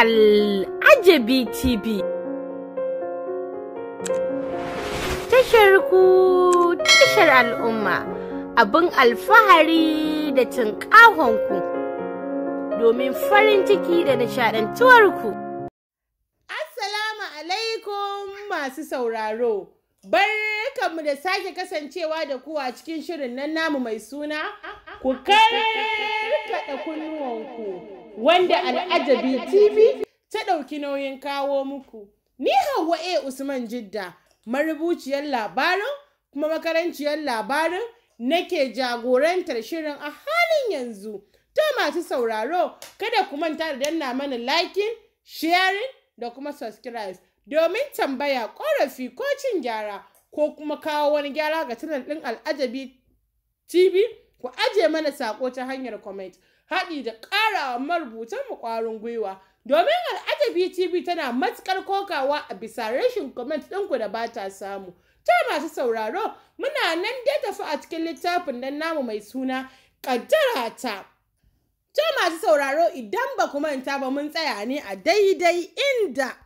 Al'ajabi TV. Tashar ku tashar al'umma abin alfahari da ku domin farin ciki da nishaɗantuwarku. Assalamu alaikum masu sauraro. Barkanmu da sake kasancewa da kuwa cikin shirin nan namu mai suna ku kaɗa kunnuwanku. wanda Al'ajabi TV ta ɗauki nauyin kawo muku. Ni Hauwa A. Usman Jidda, marubuciyar labarin kuma makaranciyar labarin nake jagorantar shirin a halin yanzu. To masu sauraro, kada ku manta da danna mana likin, sharing da kuma subscribe domin tambaya, ƙorafi ko cin gyara ko kuma kawo wani gyara ga tunan ɗin Al'ajabi TV ku aje mana sako ta hanyar comment. haɗi da ƙarawa marubutanmu ƙwarin gwiwa domin al'ajabi tv tana matuƙar kokawa a bisa rashin comment ɗinku da ba ta samu ta masu sauraro muna nan dai tafi a cikin littafin nan namu mai suna ƙaddara ta ta masu sauraro idan ba ku manta ba mun tsaya ne a daidai inda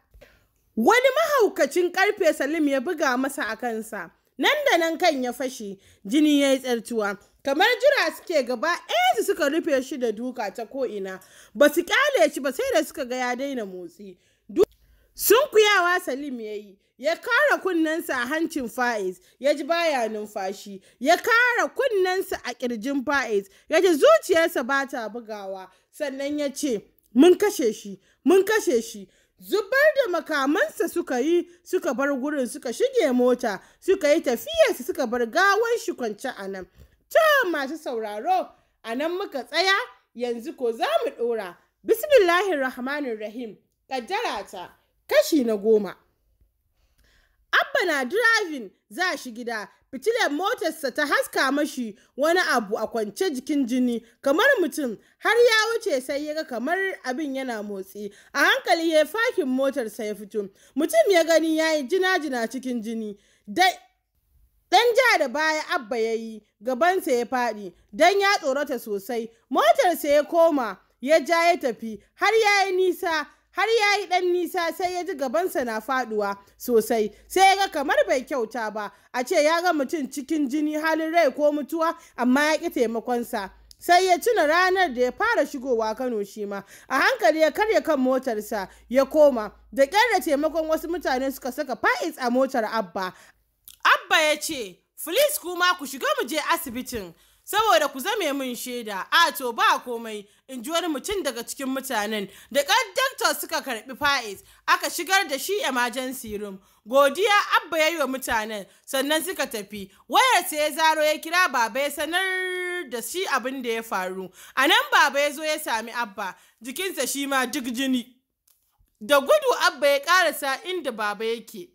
wani mahaukacin ƙarfe salim ya buga masa a kansa nan da nan kan ya fashe jini ya yi tsartuwa kamar jira suke gaba ɗaya eh, su suka rufe shi da duka ta ko'ina ba su kyale shi ba sai da suka ga ya daina motsi sun kuyawa salim ya yi ya kara kunnensa a hancin fa'iz ya ji baya numfashi ya kara kunnensa a ƙirjin fa'iz ya ji zuciyarsa ba ta bugawa sannan ya ce mun kashe shi mun kashe shi zubar da makamansa suka yi suka bar gurin suka shige mota suka yi tafiyarsa suka bar gawan shi kwance a nan ta masu sauraro a nan muka tsaya yanzu ko za mu ɗora bismillahir rahmanir rahim ƙaddara ta kashi na goma abba na driving za shi gida fitilar motarsa ta haska mashi wani abu a kwance jikin jini kamar mutum har ya wuce sai ya ga kamar abin yana motsi a hankali ya fakin motarsa ya fito mutum ya gani ya yi jina-jina cikin jini Dan ja da baya Abba ya yi, gabansa ya faɗi, don ya tsorata sosai, motarsa ya koma, ya ja ya tafi, har ya yi nisa, har ya yi ɗan nisa sai ya ji gabansa na faɗuwa sosai, sai ya ga kamar bai kyauta ba, a ce ya ga mutum cikin jini halin rai ko mutuwa, amma ya ƙi taimakonsa. sai ya tuna ranar da ya fara shigowa Kano shi ma a hankali ya karya kan motarsa ya koma da ƙyar da taimakon wasu mutane suka saka fa'is a motar abba Abba ya ce, Filis kuma ku shiga mu je asibitin, saboda ku zame mun shaida, a to ba komai, in ji wani mutum daga cikin mutanen. Da daktar suka karɓi fa'is, aka shigar da shi emergency room. Godiya Abba ya yi wa mutanen, sannan suka tafi. Wayar sai ya zaro ya kira baba ya sanar da shi abin da ya faru. A nan baba ya zo ya sami Abba, jikinsa shi ma duk jini. Da gudu Abba ya sa inda baba yake.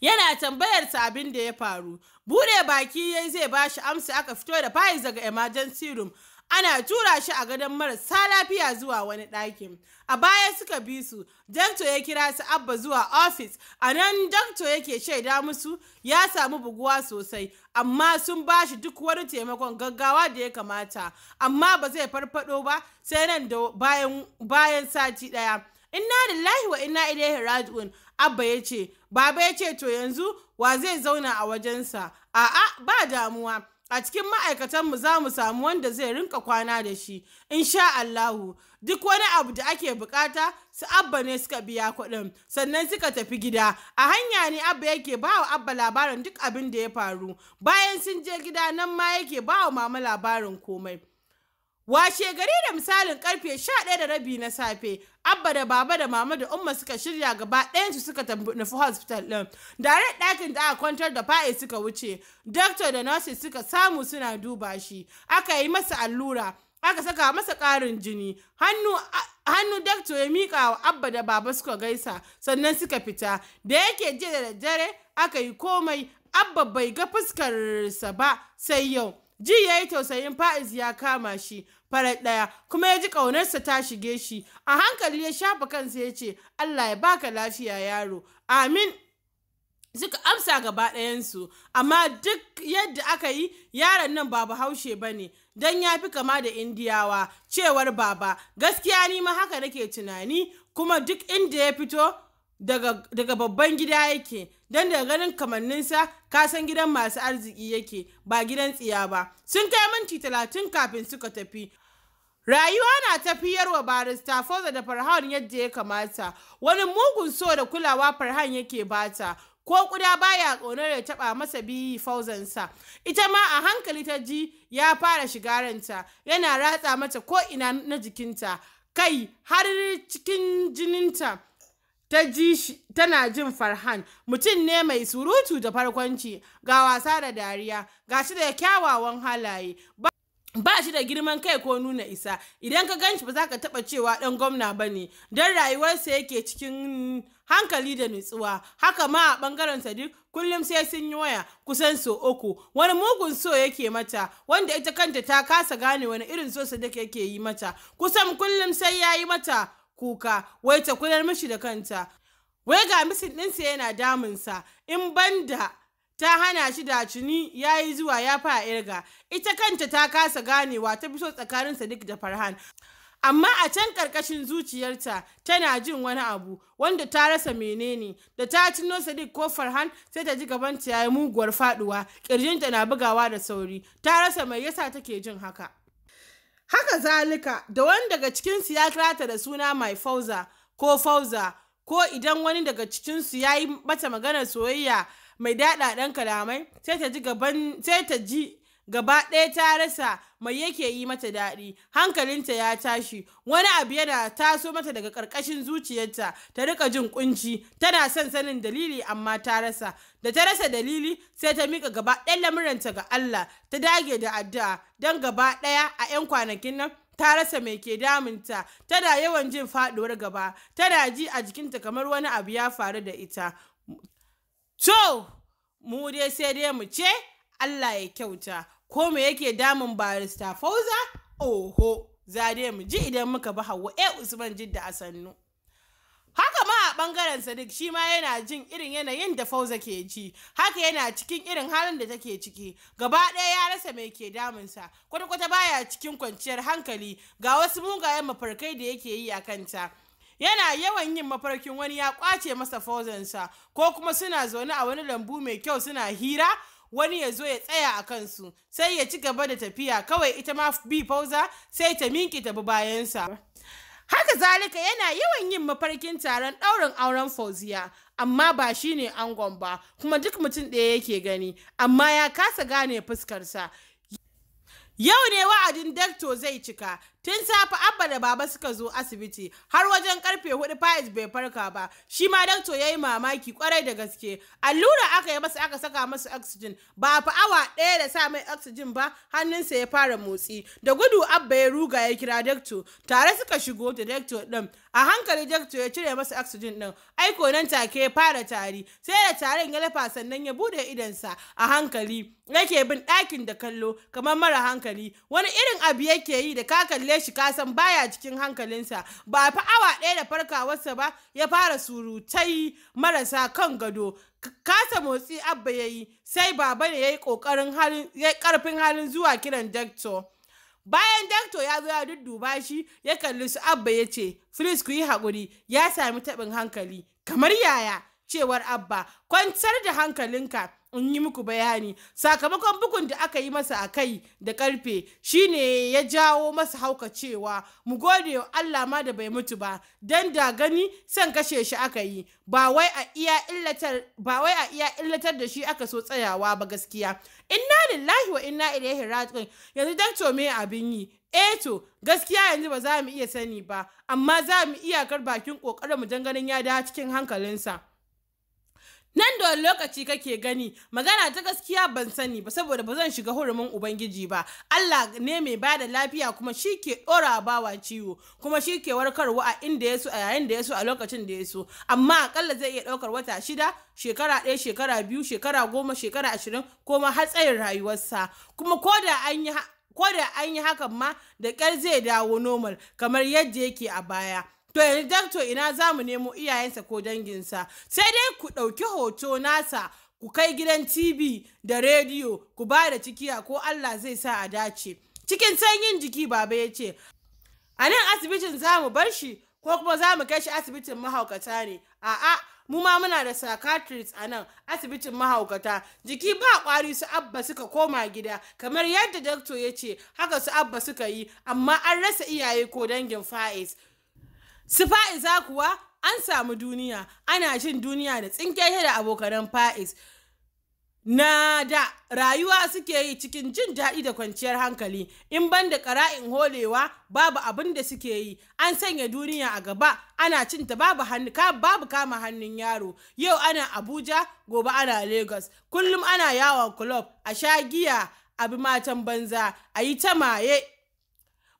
yana tambayar sa abin da ya faru bude baki yayi zai bashi amsa aka fito da Faiz daga emergency room ana tura shi a gadon marasa lafiya zuwa wani ɗakin a baya suka bi su dakto ya kira su abba zuwa ofis a nan dakto yake shaida musu ya samu buguwa sosai amma sun ba shi duk wani taimakon gaggawa da ya kamata amma ba zai farfado ba sai nan da bayan, bayan sati ɗaya inna lillahi wa inna ilaihi raji'un abba ya ce Baba ya ce to yanzu wa zai zauna a wajensa. A'a ba damuwa. A cikin ma'aikatanmu za mu samu wanda zai rinka kwana da shi, insha Allahu. Duk wani abu da ake bukata su abba ne suka biya kuɗin, sannan suka tafi gida. A hanya ne abba yake ba wa abba labarin duk abin da ya faru. Bayan sun je gida nan ma yake ba wa mama labarin komai. Washe gari da misalin karfe 11 da rabi na safe, Abba da Baba da Mama da Umma suka shirya gaba ɗayansu suka nufi hospital ɗin. direct ɗakin da aka kwantar da fa'i suka wuce, doctor da nurses suka samu suna duba shi, aka yi masa allura, aka saka masa ƙarin jini, hannu hannu doctor ya miƙa wa abba da baba suka gaisa sannan suka fita da yake jiya da daddare aka yi komai abba bai ga fuskarsa ba sai yau Ji ya yi tausayin fa'iz ya kama shi farar ɗaya kuma ya ji ƙaunarsa ta shige shi a hankali ya shafa kansa ya ce Allah ya baka lafiya yaro amin suka amsa gaba ɗayansu amma duk yadda aka yi yaron nan ba bahaushe ba ne don ya fi kama da indiyawa cewar baba gaskiya ni ma haka nake tunani kuma duk inda ya fito daga babban gida yake don daga ganin kamanninsa ka san gidan masu arziki yake ba gidan tsiya ba sun kai minti talatin kafin suka tafi rayuwa na tafiyar wa barista foza da farhan yadda ya kamata wani mugun so da kulawa farhan yake bata ko kuda baya ƙaunar ya taɓa masa biyi fauzansa ita ma a hankali ta ji ya fara shiga ranta yana ratsa mata ko ina na jikinta kai har cikin jininta ta ji tana jin farhan mutum ne mai surutu da farkonci ga wasa da dariya ga shi da kyawawan halaye ba shi da girman kai ko nuna isa idan ka ganshi ba za ka taba cewa dan gwamna ba ne don rayuwarsa yake cikin hankali da nutsuwa haka ma a bangaren sadiq kullum sai sun yi waya kusan so uku wani mugun so yake mata wanda ita kanta ta kasa gane wani irin so sadiq yake yi mata kusan kullum sai ya yi mata kuka wai ta kular mishi da kanta wai ga misin ɗinsa yana damunsa in banda ta hana shi da cini ya yi zuwa ya fa irga ita kanta ta kasa ganewa ta so tsakanin sadiq da farhan amma a can ƙarƙashin zuciyarta tana jin wani abu wanda ta rasa menene da ta tuno sadiq ko farhan sai ta ji gabanta ya yi muguwar faduwa ƙirjinta na bugawa da sauri ta rasa mai yasa take jin haka Haka zalika, da wani daga cikinsu ya kirata da suna mai fauza ko fauza ko idan wani daga cikinsu ya yi mata maganar soyayya mai daɗaɗen kalamai sai ta ji gaba ɗaya ta rasa mai yake yi mata daɗi hankalinta ya tashi wani abu yana taso mata daga ƙarƙashin zuciyarta ta rika jin kunci tana son sanin dalili amma ta rasa da ta rasa dalili sai ta mika gaba ɗayan lamuranta ga Allah ta dage da addu'a don gaba ɗaya a 'yan kwanakin nan ta rasa mai ke damunta tana yawan jin faɗuwar gaba tana ji a jikinta kamar wani abu ya faru da ita to mu dai sai dai mu ce Allah ya kyauta ko me yake damun barista fauza oho zade mu ji idan muka bi hawa e eh, usman jidda a sannu haka ma a bangaren sadiq shi ma yana jin irin yanayin da fauza ke ji haka yana cikin irin halin da take ciki gaba ɗaya ya rasa mai ke damunsa kwata-kwata baya cikin kwanciyar hankali ga wasu mugayen mafarkai da yake yi a kanta yana yawan yin mafarkin wani ya kwace masa fauzansa ko kuma suna zaune a wani lambu mai kyau suna hira wani ya zo ya tsaya a kansu sai ya ci gaba da tafiya kawai ita ma bi fauza sai ta minki tabi bayansa haka zalika yana yawan yin mafarkin taron ɗaurin auren fauziya amma ba shi ne angon ba kuma duk mutum ɗaya yake gani amma ya kasa gane fuskarsa yau ne wa'adin dakto zai cika Tun safe Abba da Baba suka zo asibiti har wajen karfe hudu Faiz bai farka ba. Shi ma dakto ya yi mamaki kwarai da gaske. Allura aka yi masa aka saka masa oxygen ba fa awa ɗaya da sa mai oxygen ba hannunsa ya fara motsi. Da gudu Abba ya ruga ya kira dakto tare suka shigo da dakto ɗin. A hankali dakto ya cire masa oxygen ɗin. Aiko nan take ya fara tari sai da tarin ya lafa sannan ya bude idonsa a hankali yake bin ɗakin da kallo kamar mara hankali wani irin abu yake yi da ka kalle shi kasan baya cikin hankalinsa ba fa awa ɗaya da farkawarsa ba ya fara surutai marasa kan gado kasa motsi abba ya yi sai baba ne ya yi ƙarfin halin zuwa kiran dakto bayan dakto ya zo ya dudduba shi ya kalli su abba ya ce fris ku yi haƙuri ya sami taɓin hankali kamar yaya cewar abba kwantar da hankalinka in yi muku bayani sakamakon bugun da aka yi masa a kai da karfe shine ya jawo masa hauka cewa mu gode wa Allah ma da bai mutu ba dan da gani san kashe shi aka yi ba wai a iya illatar da shi aka so tsayawa ba gaskiya inna lillahi wa inna ilaihi raji'un yanzu dan to me abin yi eh to gaskiya yanzu ba za mu iya sani ba amma za mu kar bakin kokarin mu dan ganin ya dawo cikin hankalinsa nan da wani lokaci kake gani magana ta gaskiya ban sani ba saboda ba zan shiga hurumin ubangiji ba Allah ne mai ba da lafiya kuma shi ke ɗora bawa ciwo kuma shi ke warkarwa a inda ya so a yayin da ya so a lokacin da ya so amma akalla zai iya ɗaukar wata shida shekara ɗaya shekara biyu shekara goma shekara ashirin ko ma har tsayin rayuwarsa kuma ko da an yi ko da an yi hakan ma da ƙyar zai dawo normal kamar yadda yake a baya to yanzu to ina za mu nemo iyayensa ko danginsa sai dai ku ɗauki hoto nasa ku kai gidan tv da rediyo ku ba da ciki a ko allah zai sa a dace cikin sanyin jiki baba ya ce a nan asibitin za mu bar shi ko kuma za mu kai shi asibitin mahaukata ne a'a mu ma muna da psychiatrist a nan asibitin mahaukata jiki ba kwari su abba suka koma gida kamar yadda dakto ya ce haka su abba suka yi amma an rasa iyaye ko dangin fa'is su kuwa an samu duniya ana jin duniya da tsinke da abokanan fa'is na da rayuwa suke yi cikin jin daɗi da kwanciyar hankali in ban da ƙara'in holewa babu abin da suke yi an sanya duniya a gaba ana cinta babu babu kama hannun yaro yau ana abuja gobe ana lagos kullum ana yawon club a sha giya abi matan banza a yi ta maye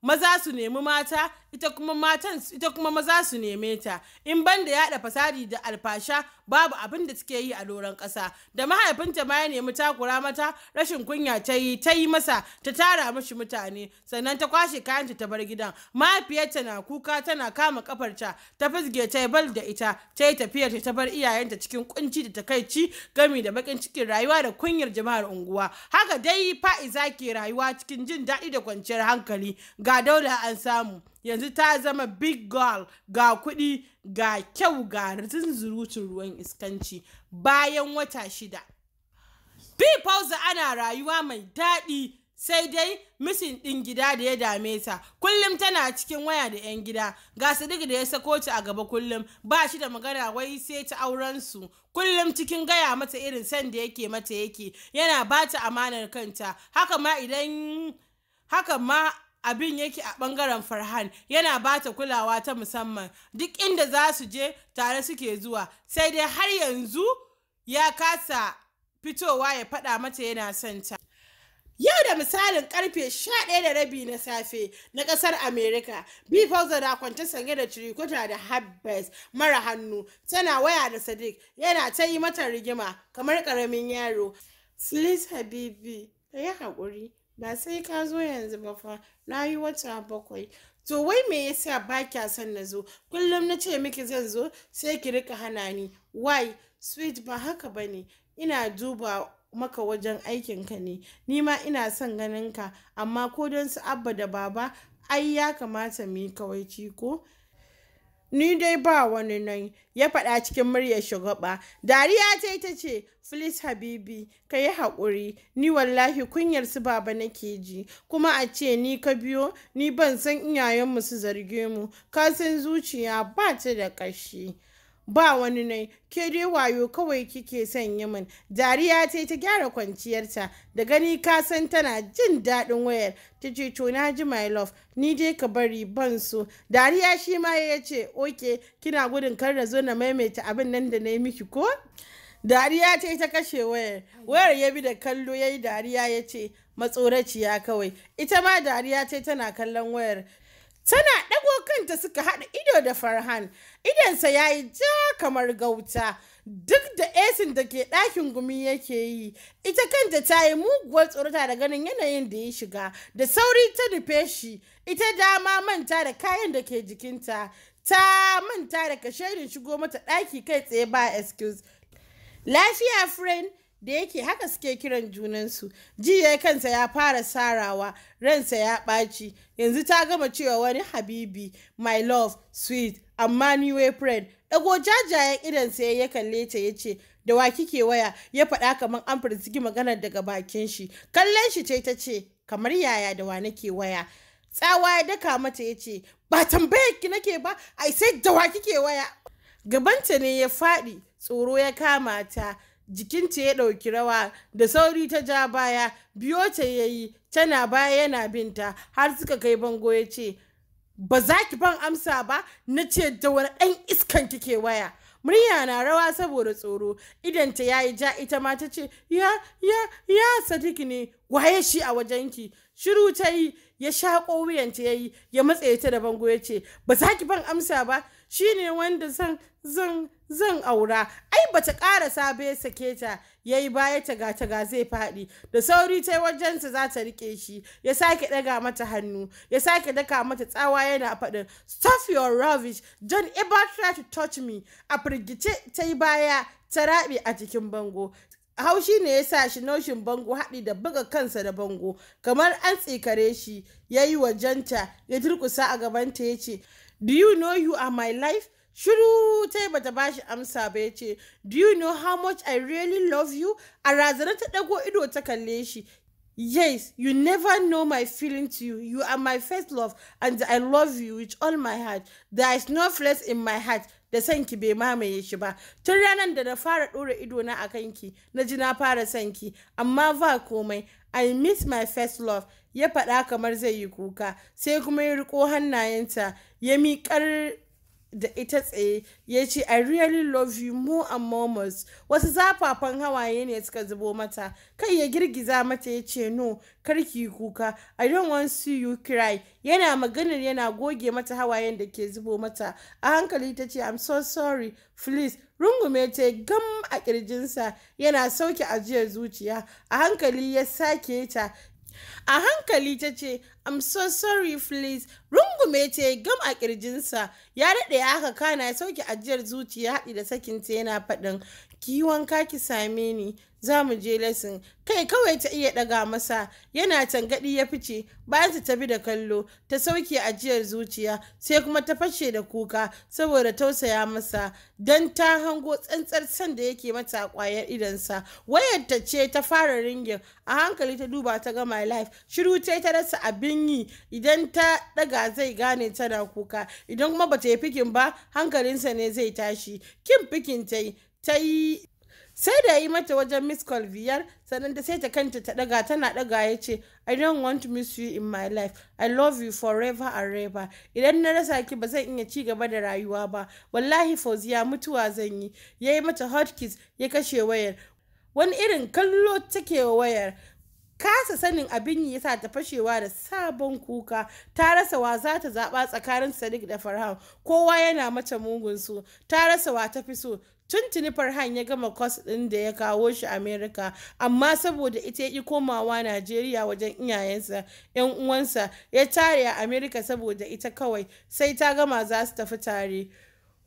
maza su nemi mata ita kuma matan ita kuma maza su neme ta in banda yada fasadi da alfasha babu abin da suke yi a doran ƙasa da mahaifinta ma ya nemi takura mata rashin kunya ta yi ta yi masa ta tara mashi mutane sannan ta kwashe kayanta ta bar gidan mahaifiyarta na kuka tana kama kafarta ta fizge ta bal da ita ta yi tafiyar ta bar iyayenta cikin kunci da takaici gami da bakin cikin rayuwa da kunyar jama'ar unguwa haka dai fa'iza ke rayuwa cikin jin daɗi da kwanciyar hankali ga daula an samu yanzu ta zama big girl ga kuɗi ga kyau ga zunzurutun ruwan iskanci bayan wata shida Pipauza ana rayuwa mai daɗi sai dai misin ɗin gida da ya dame ta kullum tana cikin waya da 'yan gida ga sadiq da ya sako ta a gaba kullum ba shi da magana wai sai ta auren su kullum cikin gaya mata irin san da yake mata yake yana ba ta amanar kanta haka ma idan haka ma abin yake a bangaren farhan yana ba ta kulawa ta musamman duk inda za su je tare suke zuwa sai dai har yanzu ya kasa fitowa ya fada mata yana son ta Yau da misalin karfe 11:30 na safe na kasar america B. na kwanta sanye da cirikuta da Habbes mara hannu, tana waya da Sadiq yana ta yi mata rigima kamar karamin yaro. Slis Habibi, ka yi haƙuri, ba sai ka zo yanzu ba fa na yi wata bakwai to wai me yasa ba kya son na zo kullum na ce miki zan zo sai ki rika hana ni why sweet ba haka ba ne ina duba maka wajen aikinka ne ni ma ina son ganin ka amma ko don su abba da baba ai ya kamata mu yi kawaici ko ni dai ba wani nan ya faɗa cikin muryar shugaba dariya ta ita ce filis habibi ka yi haƙuri ni wallahi kunyar su baba nake ji kuma a ce ni ka biyo ni ban san iyayenmu su zarge mu kasan zuciya ba ta da ƙashi ba wani nai ke dai wayo kawai kike son yi min dariya ta ta gyara kwanciyarta da gani ka san tana jin daɗin wayar ta ce to na ji my love ni dai ka bari ban so dariya shi ma ya ce oke kina gudun kar na zo na maimaita abin nan da na yi miki ko dariya ce ta kashe wayar wayar ya bi da kallo ya yi dariya ya ce matsoraciya kawai ita ma dariya ce tana kallon wayar Tana ɗago kanta suka haɗa ido da Farhan, idonsa ya yi ja kamar gauta, duk da esin da ke ɗakin gumi yake yi, ita kanta ta yi muguwar tsorata da ganin yanayin da ya shiga, da sauri ta nufe shi, ita dama manta da kayan da ke jikinta, ta manta da kashe shigo mata ɗaki kai tsaye ba excuse. Lafiya friend, da yake haka suke kiran junansu jiya kansa ya fara sarawa ransa ya ɓaci yanzu ta gama cewa wani habibi my love sweet amma ni way friend ɗago jajayen idansa ya kalle ta ya ce da wa kike waya ya faɗa kamar an firgigi maganar daga bakin shi kallon shi ce ta ce kamar yaya da wa nake waya tsawa ya daka mata ya ce ba tambayar ki nake ba ai sai da wa kike waya gabanta ne ya faɗi tsoro ya kama ta jikinta ya ɗauki rawa da sauri ta ja baya biyo ta ya yi tana baya yana binta har suka kai bango ya ce ba za ki ban amsa ba na ce da wani ɗan iskan kike waya murya na rawa saboda tsoro idanta ya yi ja ita ma ta ce ya ya ya sadik ne waye shi a ki shiru ta yi ya shaƙo wuyanta ya yi ya matse ta da bango ya ce ba za ki ban amsa ba shine wanda zan zan zan aura ai bata ƙara sabe sake ta yayi baya taga taga zai fadi. da sauri ta wajensa za ta rike shi ya sake daga mata hannu ya sake daka mata tsawa yana faɗin stop your rubbish don't ever try to touch me a firgice ta yi baya ta raɓe a cikin bango haushi ne ya sa shi naushin bango haɗi da buga kansa da bango kamar an tsikare shi ya yi wajenta ya turkusa a gabanta ya ce do you know you are my life shiru ta bata bashi amsa ba ya ce do you know how much i really love you a razana ta dago ido ta kalle shi yes you never know my feeling to you you are my first love and i love you with all my heart there is no place in my heart da sanki bai mamaye shi ba tun ranar da na fara ɗora na a kanki na ji na fara sanki amma ba komai I miss my first love ya faɗa kamar zai yi kuka sai kuma ya riko hannayenta ya miƙar da ita tsaye ya ce I really love you more and more much wasu zafafan hawaye ne suka zubo mata kai ya girgiza mata ya ce no karki kuka I don't want to see you cry yana maganar yana goge mata hawayen da ke zubo mata a hankali ta ce I'm so sorry please rungume ta gam a kirjinsa yana sauke ajiyar zuciya a hankali ya sake ta a hankali ta ce i'm so sorry please rungume ta gam a kirjinsa ya daɗe haka kana ya sauke ajiyar zuciya haɗi da sakinta yana faɗin ki yi wanka ki same ni za mu je lesson kai kawai ta iya ɗaga masa yana tangadi ya fice bayan ta tafi da kallo ta sauke ajiyar zuciya sai kuma ta fashe da kuka saboda tausaya masa don ta hango tsantsar san da yake mata kwayar idansa wayar ta ce ta fara ringin a hankali ta duba ta gama life shiru ta ta rasa abin yi idan ta ɗaga zai gane tana kuka idan kuma bata yi fikin ba hankalinsa ne zai tashi kin fikin ta yi ta yi sai da ya yi mata wajen miss call biyar sannan da sai ta kanta ta daga tana daga ya ce i don't want to miss you in my life i love you forever and ever idan na rasa ki ba zan iya ci gaba da rayuwa ba wallahi fauziya mutuwa zan yi ya yi mata hot kiss ya kashe wayar wani irin kallo take wayar kasa sanin abin yi yasa ta fashewa da sabon kuka ta rasa wa za ta zaɓa tsakanin sadiq da farhan kowa yana mata mugun su ta rasa wa ta fi so tuntuni farhan ya gama kwas ɗin da ya kawo shi amerika amma saboda ita ya komawa najeriya wajen iyayensa yan uwansa ya tare a amerika saboda ita kawai sai ta gama za su tafi tare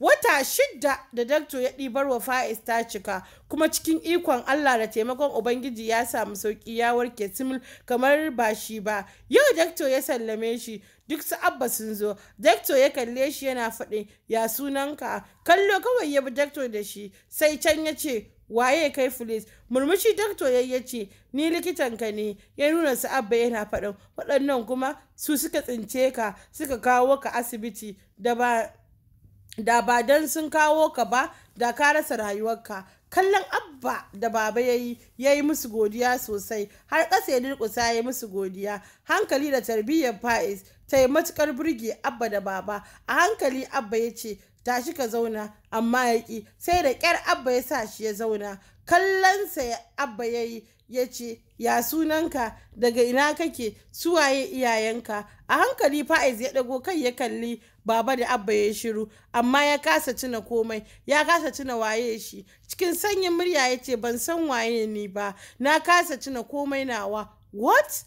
wata shidda da dakto ya ɗibar wa fa'is ta cika kuma cikin ikon Allah da taimakon Ubangiji ya samu sauƙi ya warke simul kamar ba shi ba yau dakto ya sallame shi duk su abba sun zo dakto ya kalle shi yana faɗi ya sunanka kallo kawai ya bi dakto da shi sai can ya ce waye kai filis murmushi dakto ya ce ni likitanka ne ya nuna su abba yana faɗin waɗannan kuma su suka tsince ka suka kawo ka asibiti da ba da ba don sun kawo ka ba da ka rasa rayuwarka kallon abba da baba ya yi ya yi musu godiya sosai har ƙasa ya durƙusa ya yi musu godiya hankali da tarbiyyar fa'is ta yi matuƙar burge abba da baba a hankali abba ya ce tashi ka zauna amma ya ƙi sai da ƙyar abba ya sa shi ya zauna kallonsa abba ya yi ya ce ya sunanka daga ina kake suwaye iyayenka a hankali fa'iz ya ɗago kai ya kalli baba da abba ya shiru amma ya kasa tuna komai ya kasa tuna waye shi cikin sanyin murya ya ce ban san waye ni ba na kasa tuna komai nawa what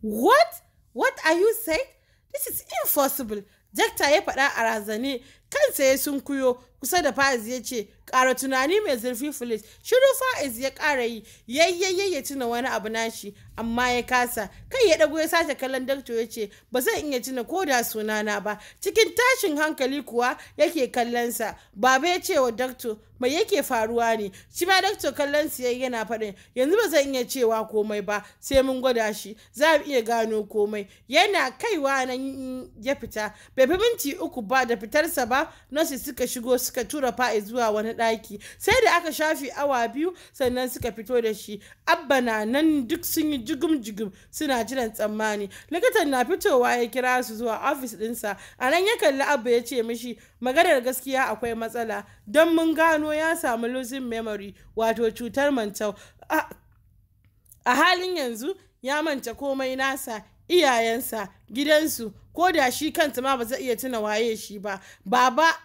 what what are you saying this is impossible jakta ya faɗa a razane kansa ya sunkuyo kusa da Faiz ya ce, ƙara tunani mai zurfi Felix, shiru Faiz ya ƙara yi, yayyayye ya tuna wani abu nashi, amma ya kasa, kai ya ɗago ya sace kallon dakto ya ce, ba zan iya tuna ko da sunana ba, cikin tashin hankali kuwa yake kallonsa, baba ya ce wa dakto, mai yake faruwa ne, shi ma dakto kallon siyayi yana faɗin, yanzu ba zan iya cewa komai ba, sai mun gwada shi, za mu iya gano komai, yana kaiwa nan ya fita, bai fi minti uku ba da fitarsa ba, nasu suka shigo suka tura fa'i zuwa wani ɗaki sai da aka shafi awa biyu sannan suka fito da shi abba na nan duk sun yi jigum jigum suna jiran tsammani likitan na fitowa ya kira su zuwa ofis ɗinsa a nan ya kalli abba ya ce mishi maganar gaskiya akwai matsala don mun gano ya samu losing memory wato cutar mantau a halin yanzu ya manta komai nasa iyayensa gidansu ko da shi kansa ma ba zai iya tuna waye shi ba baba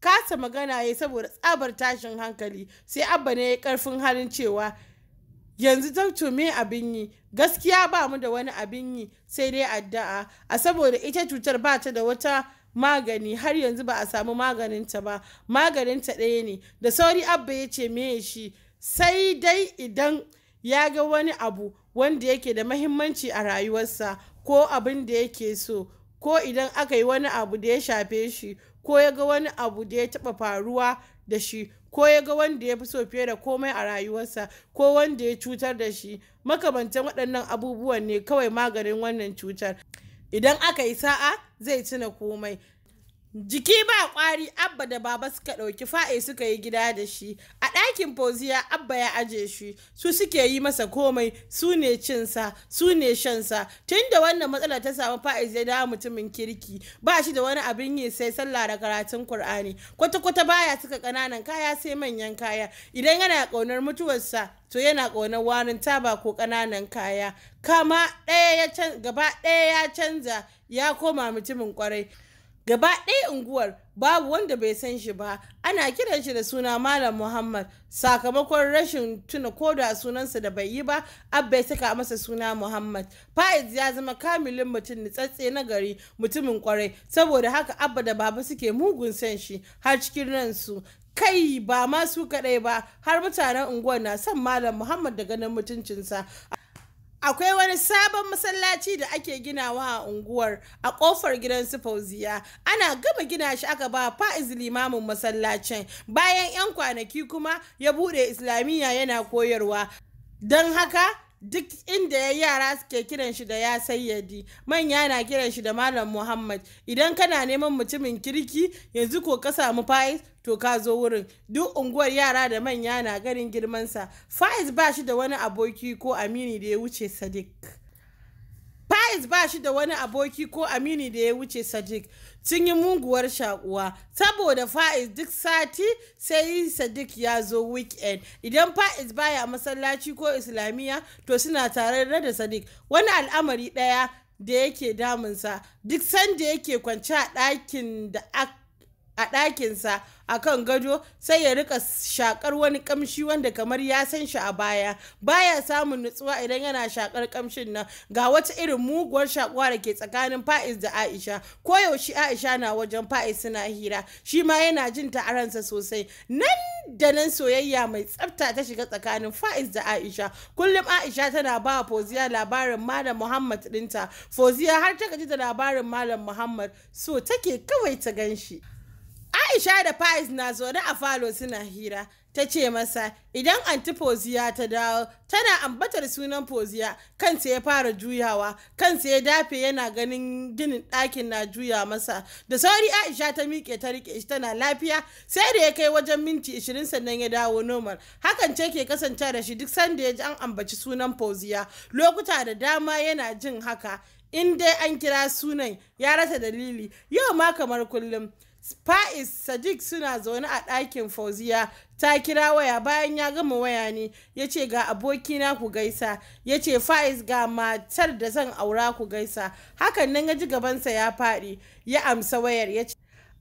kasa magana ya saboda tsabar tashin hankali sai abba ne ya karfin halin cewa yanzu tautu me abin yi gaskiya ba mu da wani abin yi sai dai addu'a a saboda ita cutar ba ta da wata magani har yanzu ba a samu maganin ta ba maganinta ɗaya ne da sauri abba ya ce me shi sai dai idan ya ga wani abu wanda yake da mahimmanci a rayuwarsa ko abin da yake so ko idan aka yi wani abu da ya shafe shi ko ya ga wani abu da ya taɓa faruwa da shi ko ya ga wanda ya fi so fiye da komai a rayuwarsa ko wanda ya cutar da shi makamantan waɗannan abubuwan ne kawai maganin wannan cutar idan aka yi sa'a zai tuna komai Jiki ba ƙwari Abba da Baba suka ɗauki fa'e suka yi gida da shi, a ɗakin Fauziya Abba ya aje shi, su suke yi masa komai, su ne cinsa, su ne shansa, tun da wannan matsala ta samu fa'e ya dawo mutumin kirki, ba shi da wani abin yi sai sallah da karatun Kur'ani, kwata-kwata baya suka ƙananan kaya sai manyan kaya, idan yana ƙaunar mutuwarsa to yana ƙaunar warin taba ko ƙananan kaya, kama ɗaya ya gaba ɗaya ya canza ya koma mutumin ƙwarai. gaba ɗaya unguwar babu wanda bai san shi ba ana kiran shi da suna malam muhammad sakamakon rashin tuna ko da sunansa da bai yi ba abba ya saka masa suna muhammad faiz ya zama kamilin mutum nitsatse na gari mutumin kwarai saboda haka abba da baba suke mugun san shi har cikin ransu kai ba ma su kaɗai ba har mutanen unguwar na son malam muhammad da ganin mutuncinsa akwai wani sabon masallaci da ake ginawa a unguwar a kofar gidan su fauziya ana gama gina shi aka ba fa'iz limamin masallacin bayan 'yan kwanaki kuma ya bude islamiyya yana koyarwa don haka duk inda ya yara suke kiran shi da ya sayyadi manya na kiran shi da malam muhammad idan kana neman mutumin kirki yanzu ko ka samu faiz to ka zo wurin duk unguwar yara da manya na ganin girmansa faiz ba shi da wani aboki ko amini da ya wuce sadiq Faiz ba shi da wani aboki ko amini da ya wuce Sadiq. Sun yi munguwar shakuwa saboda Faiz duk sati sai Sadiq ya zo weekend. Idan Faiz baya masallaci ko Islamiyya to suna tare da Sadiq. Wani al'amari daya da yake damunsa duk sanda yake kwance a ɗakin da aka a ɗakinsa a kan gado sai ya rika shakar wani kamshi wanda kamar ya san shi a baya baya samun nutsuwa idan yana shakar kamshin nan ga wata irin muguwar shakuwa da ke tsakanin fais da aisha koyaushe aisha na wajen fa'iz suna hira shi ma yana jin ta ransa sosai nan da nan soyayya mai tsafta ta shiga tsakanin fais da aisha kullum aisha tana ba foziya labarin malam muhammad ɗinta foziya har ta gaji da labarin malam muhammad so take kawai ta ganshi. shi Aisha da Faiz na zaune a falo suna hira, ta ce masa idan anti Poziya ta dawo tana ambatar sunan Poziya kansa ya fara juyawa kansa ya dafe yana ganin ginin ɗakin na juya masa da sauri Aisha ta miƙe ta riƙe shi tana lafiya sai da ya kai wajen minti 20 sannan ya dawo normal hakan ce ke kasance da shi duk sanda ya ji an ambaci sunan Poziya lokuta da dama yana jin haka in dai an kira sunan ya rasa dalili yau ma kamar kullum fais Sadiq suna zaune a ɗakin Fauziya ta kira waya bayan ya gama waya ne ya ce ga abokina ku gaisa ya ce Faiz ga matar da zan aura ku gaisa hakan nan ya ji gabansa ya faɗi ya amsa wayar ya ce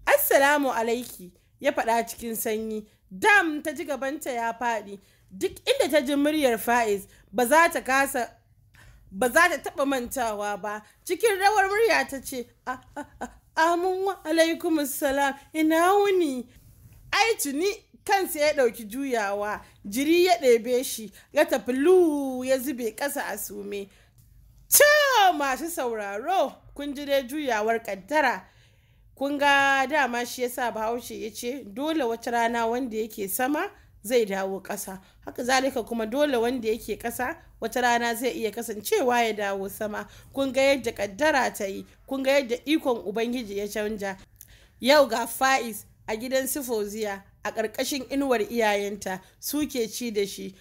Assalamu alaiki ya faɗa cikin sanyi dam ta ji gabanta ya faɗi duk inda ta ji muryar fais ba za ta kasa ba za ta taɓa mantawa ba cikin rawar murya ta ce ah, ah, ah. amin wa alaikum salam ina wuni ai tuni kansa ya ɗauki juyawa jiri ya ɗebe shi ya tafi lu ya zube ƙasa a sume ta masu sauraro kun ji dai juyawar ƙaddara kun ga dama shi yasa bahaushe ya ce dole wata rana wanda yake sama zai dawo ƙasa haka zalika kuma dole wanda yake ƙasa wata rana zai iya kasancewa ya dawo sama kun ga yadda kaddara ta yi kun ga yadda ikon ubangiji ya canja yau ga fa'is a gidan sifoziya a ƙarƙashin inuwar iyayenta suke ci da shi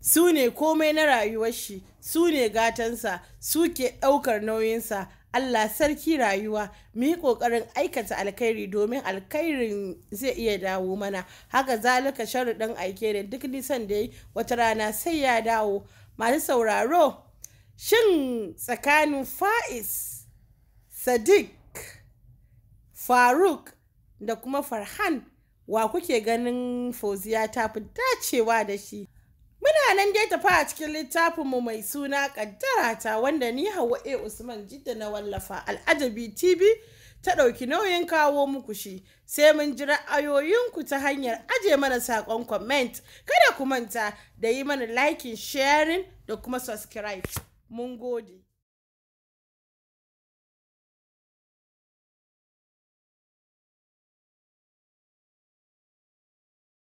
su ne komai na rayuwar shi su ne gatansa su ke ɗaukar nauyinsa Allah sarki rayuwa mu yi ƙoƙarin aikata alkhairi domin alkhairin zai iya dawo mana haka zalika sharuɗin aike da duk nisan da yi wata rana sai ya dawo masu sauraro shin tsakanin fa'is sadiq faruk da kuma farhan wa kuke ganin foziya ta fi dacewa da shi muna nan dai tafi a cikin littafinmu mai suna ƙaddarata wanda ni hawa a usman jidda na wallafa al'ajabi tv ta ɗauki nauyin kawo muku shi sai mun ji ra'ayoyinku ta hanyar aje mana saƙon comment kada ku manta da yi mana likin sharing da kuma subscribe mun gode